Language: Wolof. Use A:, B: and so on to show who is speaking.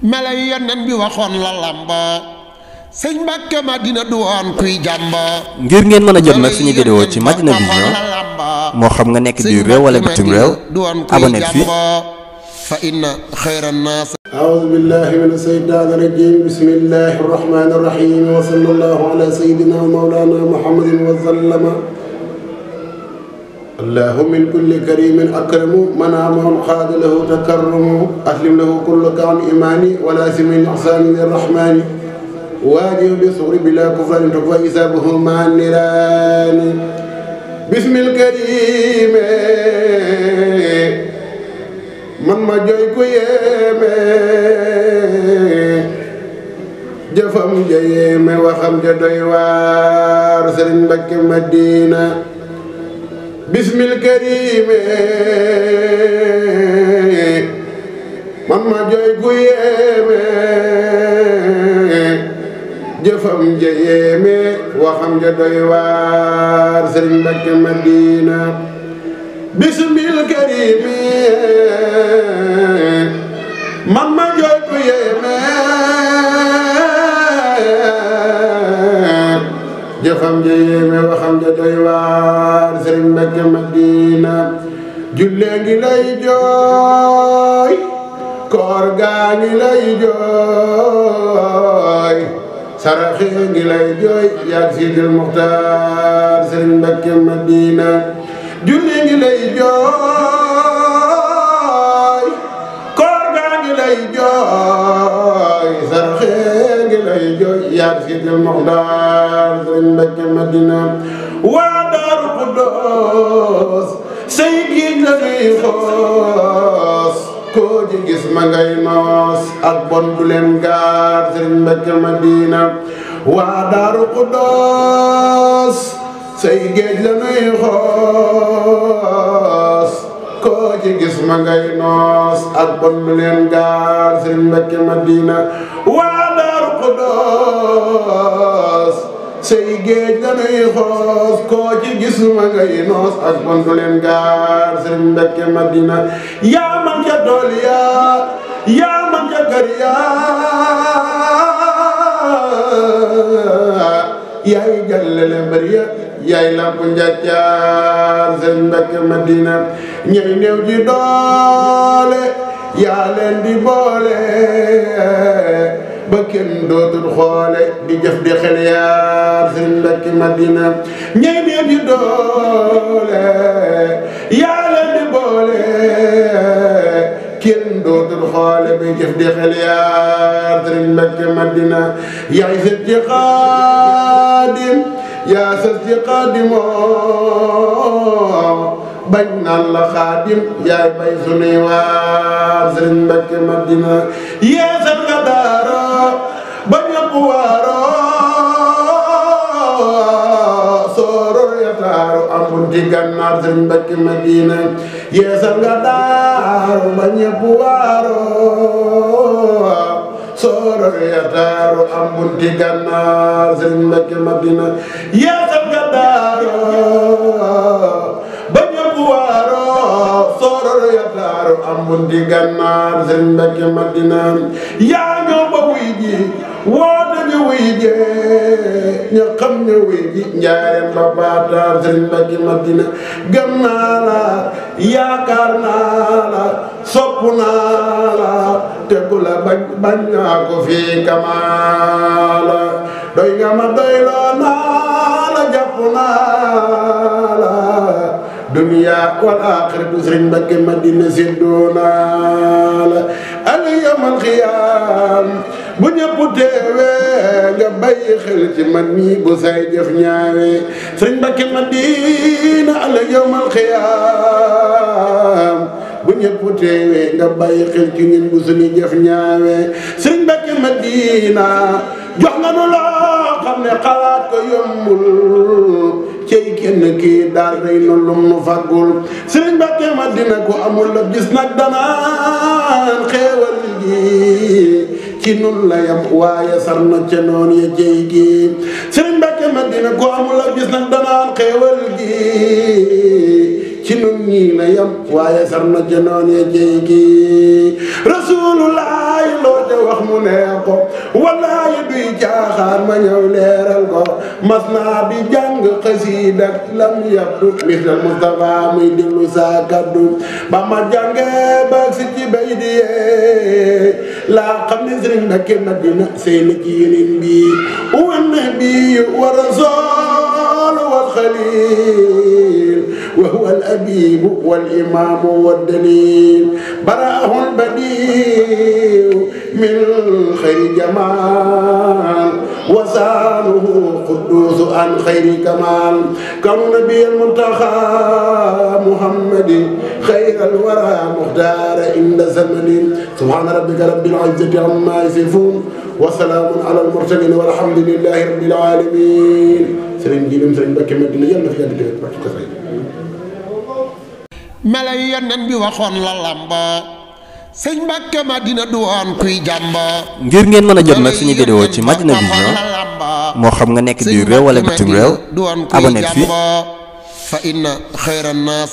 A: mela yi nga bi waxoon la làmba sëñ Mbàkke Madina du woon kuy jàmba ngir ngeen mën a jot nag suñu vidéo ci Madina Vision moo xam nga nekk biir réew wala bitim réew abonné fi fa inna xayra naas أعوذ بالله من الشيطان الرجيم بسم الله allahu min kulli karimin akramu manaamahum xaada lahu takarrumu aslim lahu kullu kawn imaani wala simin ihsaani lirrahmaani waajih bi suuri bila kufraani tufa isaabuhu maa niraani bismil karime man ma jooy ku yéeme jëfam ja yéeme waxam ja doy waar sëriñ Mbakke Madina بسم الكريم man ma jooy gu yéeme jëfam ja yéeme waxam ja doy waar Sëriñ Mbakke Madina bismil karimi waxam ja ngi lay jooy koor gaa ngi lay jooy saraxee ngi lay jooy yaag Sidil Muxtaar sëriñ Mbàkke Madina jullee ngi lay jooy yi jooy yaa si del Moxtaar sëriñ Mbàkke Madina waa Daaru Xuddoos say giit la ñuy xoos koo ji gis ma ngay noos ak bon du leen gaar sëriñ Mbàkke Madina waa Daaru Xuddoos say géej la ñuy xoos koo ci gis ma ngay noos ak bon du leen gaar sëriñ Mbàkke Madina xuddoos say géej danuy xoos koo ci gis ma ngay noos ak bon du leen gaar sëriñ Mbàkke Madina yaa man ca dool yaa yaa man ca kër yaa yaay jàllale mbër ya yaay làmp njàccaar sëriñ Mbàkke Madina ñay néew ji doole yaa leen di boole ba kenn dootul xoole di jëf di xel yaar sëriñ Mbàkke Madina ñay néew di doole yàlla di boole kenn dootul xoole bay jëf di xel yaar sëriñ Mbàkke Madina yaay sët ci xaadim yaa sët ci xaadimoo bañ naan la xaadim yaay bay sunuy waar sëriñ Mbàkke Madina ci gànnaar sëñ Mbàkke Madina yeesal nga daaru ba ñëpp waaroo sooro ya daaru am bunti gànnaar sëñ Mbàkke Madina yeesal nga daaru ba ñëpp waaroo sooro ya daaru am bunti gànnaar sëñ Mbàkke Madina yaa ñoo ba wuy ji woo wuy jee ña xam ne wuy ji njaarem ba baataan Madina gëm naa la yaakaar naa te ku la bañ fii kamaa la ma doy loo naa la jàpp naa la dunya wal aaxiratu sëriñ Mbàkke Madina séddoo naa al yawmal bu ñëpp teewee nga bàyyi xel ci man mii bu say jëf ñaawee sëñ Mbakke Madina ala yowmal xiyaam bu ñëpp teewee nga bàyyi ci ñun bu suñu jëf ñaawee sëñ Mbakke Madina jox nga nu loo xam ne xalaat ko yombul cey kenn kii daal day na lum nu faggul sëriñ Mbakke Madina ko amul la gis nag danaan xeewal gi ci nun la yam waaye sar na ca noon ya jëy gi sëriñ Mbàkke Madina ko amul ak gis danaan xéewal gi ci nun ñii la yam waaye sar na ca noon ya jëy gi loo ca wax mu nee ko wallaahi duy jaaxaan ma ñëw leeral ko mas naa bi jàng xasiida lam yabdu misal Mustafa muy déglu saa kaddu ba ma jàngee ba si ci yee laa xam ne sëriñ Mbàkke nag na sëy na ci yeneen bi wa nabi wa rasul wal xalil wa huwa al abib wal imam wad dalil baraahu al badiu min xayri jamal وسانه القدوس عن خير كمال كون نبي المنتخى محمد خير الورى مختار عند زمن سبحان ربك رب العزة عما يصفون وسلام على المرسلين والحمد لله رب العالمين sëriñ bi lim sëriñ Mbacke Madina yàlla na fi yàgg dëgg melo yi yonent bi waxoon la lamboo sëñ Mbàkke Madina du woon kuy jàmbo ngir ngeen mën a jot nag suñu vidéo ci Madina Vision moo xam nga nekk biir réew wala bitim réew abonné fii fa inna xayra naas